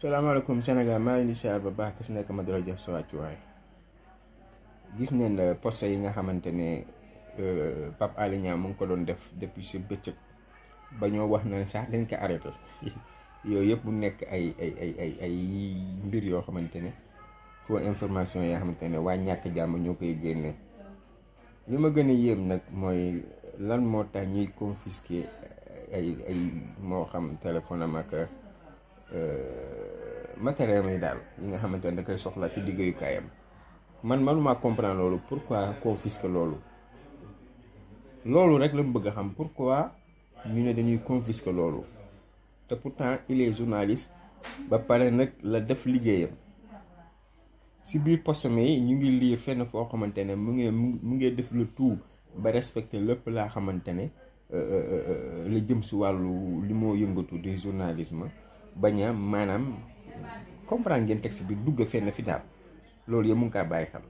salaamaaleykum Sénégal maa ngi leen di siyaar bu baax si nekk ma dara jox sa wàccuwaay gis neen poste yi nga xamante ne euh, Pape Alé Niang mu ngi ko doon def depuis si bëccëg ba ñoo wax na sax dañ ko arrêté yooyu yëpp bu nekk ay ay ay mbir yoo xamante ne foo information yoo xamante ne waa ñàkk jàmm ñoo koy génne li ma gën a yéem nag mooy lan moo tax ñuy confisquer ay moo xam téléphone am ak. Euh, matériel yi daal yi nga xamante ne da soxla si liggéeyukaayam man manuma comprendre loolu pourquoi confisquer loolu loolu rek la mu bëgg a xam pourquoi ñu ne dañuy confisquer loolu te pourtant il est journaliste ba pare nag la def liggéeyam si biir postame yi ñu ngi lii fenn foo xamante ne mu ngi mu ngi def le tout ba respecter lépp laa xamante ne euh, euh, euh, la jëm si wàllu li moo yëngatu di journalisme bañ maanaam comprendre ngeen texte bi dugg fenn fi daal loolu yëpp mun ngi kaa bàyyi xel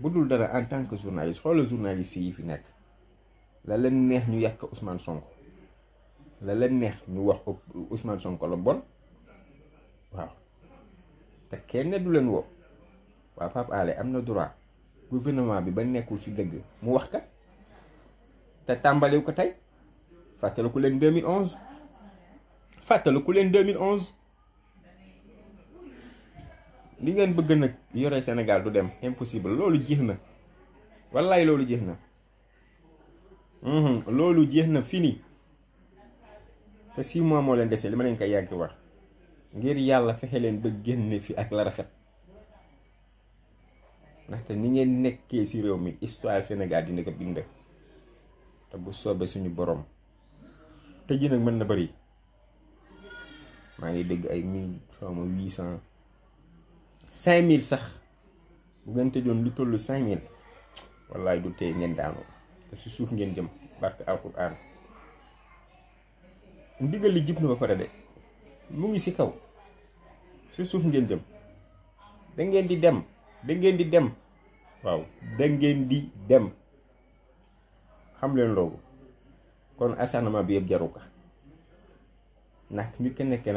bu dul dara en tant que journaliste xoola journaliste yi fi nekk la leen neex ñu yàq Ousmane Sonko la leen neex ñu wax Ousmane Sonko la bon waaw te kenn du leen woo waa Pape Alé am na droit gouvernement bi ba nekkul si dëgg mu wax ka te tàmbaliw ko tey fàttaliku leen 2011 fàttaliku leen li ngeen bëgg nag yore Sénégal du dem impossible loolu jeex na wallaay loolu jeex na mhm, loolu jeex na fini te six mois moo leen desee li ma leen koy yàgg wax ngir yàlla fexe leen ba génne fi ak la rafet ndaxte ni ngeen nekkee ci réew mi histoire Sénégal dina ko bind te bu soobee suñu boroom te ji nag mën na bëri maa ngi dégg ay mille xaw ma huit cent cinq mille sax bu ngeen tëjoon lu toll cinq mille wallaay du tey ngeen daanu te si suuf ngeen jëm barke alquran ndigal li jub na ba pare de mu ngi si kaw si suuf ngeen jëm da ngeen di dem da di dem waaw da ngeen di dem xam leen loolu kon asaanama bi yëpp jaru ko ndax nit ki nekkee